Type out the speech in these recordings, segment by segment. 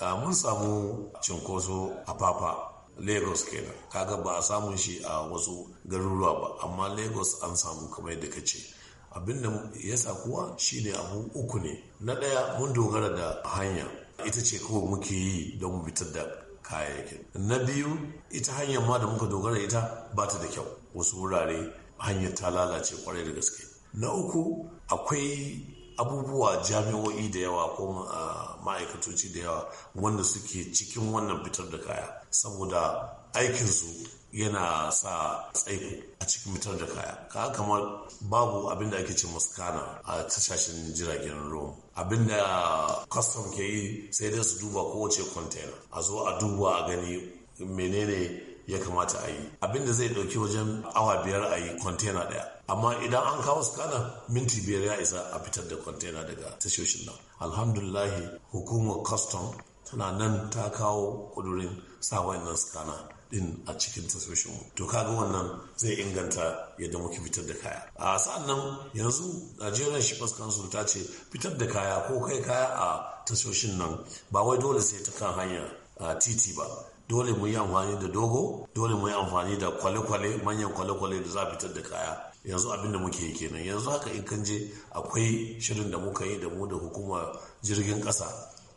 Ah, mun samu cinkoso a papa lagos kenan kaga ba a samun shi a wasu garuruwa ba amma lagos an samu kamar yadda ka ce abin da ya sa kuwa shine abu uku ne na ɗaya mun dogara da hanya ita ce kawai muke yi don mu fitar da kayayyakin na biyu ita hanyar ma da muka dogara ita ba ta da kyau wasu wurare hanyar ta lalace kwarai da gaske na uku akwai abubuwa jami'o'i da yawa ko ah, ma'aikatoci da yawa wanda suke cikin wannan fitar da kaya saboda aikinsu yana sa tsaiko a cikin fitar da kaya ka kamar babu abin da ake ce muskana a tashashen jiragen ruwa abin da custom ke yi sai dai su duba kowace container a zo a duba a gani menene ya kamata a yi abin da zai dauki wajen awa biyar a yi container daya amma idan an kawo skana minti biyar ya isa a fitar da kwantena daga tashoshin nan alhamdulahi hukumar custom tana nan ta kawo kudurin sa nan skana din a cikin tasoshinmu to kaga wannan zai inganta yadda muke fitar da kaya a sa'annan yanzu nigerian shippers council ta ce fitar da kaya ko kai kaya a tashoshin nan ba wai dole sai ta kan hanya a titi ba dole mu yi amfani da dogo dole mu yi amfani da kwale-kwale manyan kwale-kwale da za a fitar da kaya yanzu abin da muke kenan yanzu haka in kan je akwai shirin da muka yi da mu da hukumar jirgin ƙasa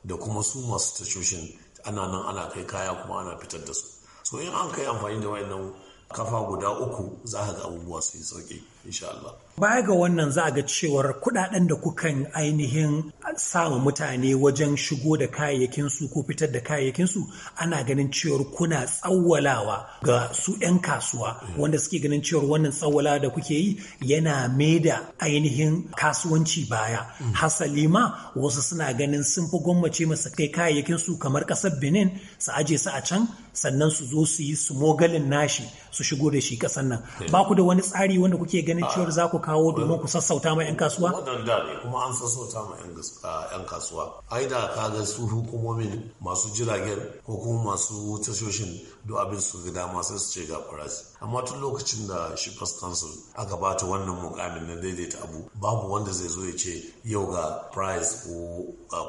da kuma su masu tashoshin ana nan ana kai kaya kuma ana fitar da su so in an kai amfani da wayannan kafa guda uku za ka ga abubuwa su yi sauƙi Allah. Baya ga wannan za a ga cewar kudaden da kukan ainihin samun mutane wajen shigo da kayayyakinsu ko fitar da kayayyakinsu ana ganin cewar kuna tsawwalawa ga su 'yan kasuwa wanda suke ganin cewar wannan tsawwalawa da kuke yi yana maida ainihin kasuwanci baya. Hasali ma wasu suna ganin sun fi gwammace masu kai kayayyakinsu kamar ƙasar Benin su aje su a can sannan su zo su yi su mogalin nashi su shigo da shi kasan nan. Ba ku da wani tsari wanda kuke ganin ganin ah. cewar za ku kawo domin ku sassauta ma 'yan kasuwa? Waɗanda ne kuma an sassauta ma 'yan ah, kasuwa. Ai da ga su hukumomin masu jiragen ko kuma masu tashoshin do abin su gida masu su ce ga farasi. Amma tun lokacin da shi Council aka bata wannan mukamin na daidaita abu babu wanda zai zo ya ce yau ga price ko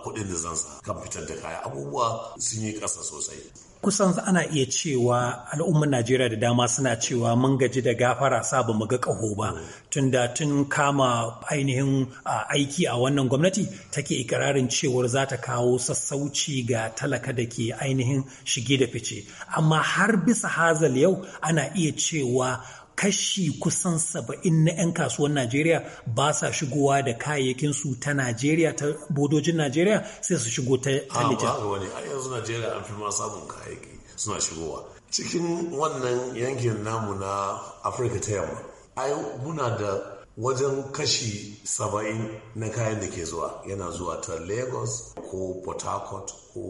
kuɗin da zan sa kan fitar da kaya abubuwa sun yi ƙasa sosai. kusan ana iya cewa al'ummar najeriya da dama suna cewa mun gaji da gafara sa ba mu ga ƙaho ba tunda tun kama ainihin aiki a wannan gwamnati take ikirarin cewar za ta kawo sassauci ga talaka da ke ainihin shige da fice amma har bisa hazal yau ana iya cewa kashi kusan saba'in na 'yan kasuwan Najeriya ba sa shigowa da kayayyakin su ta Najeriya ta bodojin Najeriya sai su shigo ta Nijar. A wani a yanzu Najeriya an fi ma samun kayayyaki suna shigowa. Cikin wannan yankin namu na Afirka ta yamma, ai muna da wajen kashi saba'in na kayan da ke zuwa yana zuwa ta Lagos ko Port Harcourt ko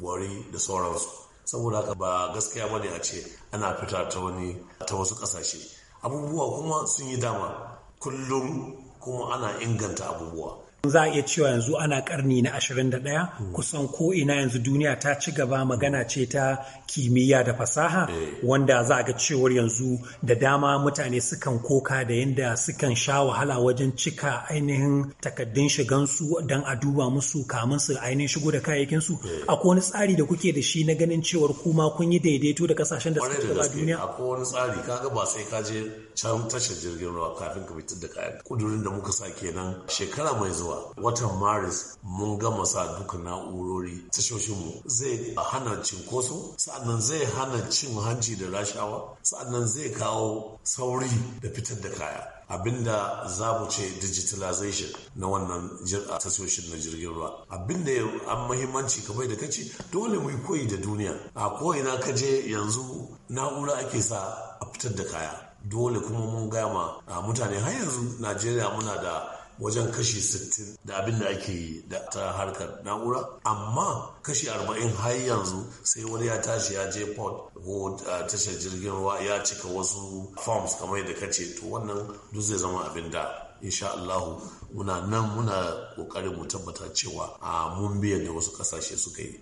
Warri da sauransu. saboda haka ba gaskiya bane a ce ana fita ta wani ta wasu kasashe abubuwa kuma sun yi dama kullum kuma ana inganta abubuwa za a iya cewa yanzu ana karni na 21 hmm. kusan ko ina yanzu duniya ta ci gaba magana hmm. ce ta kimiyya da fasaha eh. wanda za a ga cewar yanzu da dama mutane sukan koka da yadda sukan sha wahala wajen cika ainihin takaddun shigansu don a duba musu kamun su ainihin shigo da kayayyakin su eh. akwai wani tsari da kuke da shi na ganin cewar kuma kun yi daidaito da kasashen da suka gaba duniya akwai wani tsari kaga ba sai ka je can tashar jirgin ruwa kafin ka fitar da kayan kudurin da muka sa kenan shekara mai zuwa zuwa watan maris mun gama sa duka na'urori tashoshinmu zai hana cinkoso sa'annan zai hana cin hanci da rashawa sa'annan zai kawo sauri da fitar da kaya abinda za mu ce digitalization na wannan tashoshin na jirgin ruwa abinda ya an mahimmanci kamar da kace dole mu koyi da duniya a ko'ina ka je yanzu na'ura ake sa a fitar da kaya dole kuma mun gama a mutane har yanzu najeriya muna da wajen kashi 60 da abin da ake yi da ta harkar na'ura amma kashi 40 har yanzu sai wani ya tashi ya je port ko tashar jirgin ruwa ya cika wasu forms kamar yadda ka ce to wannan duk zai zama abin da insha Allah muna nan muna kokarin mu tabbata cewa a mun biya da wasu kasashe suka yi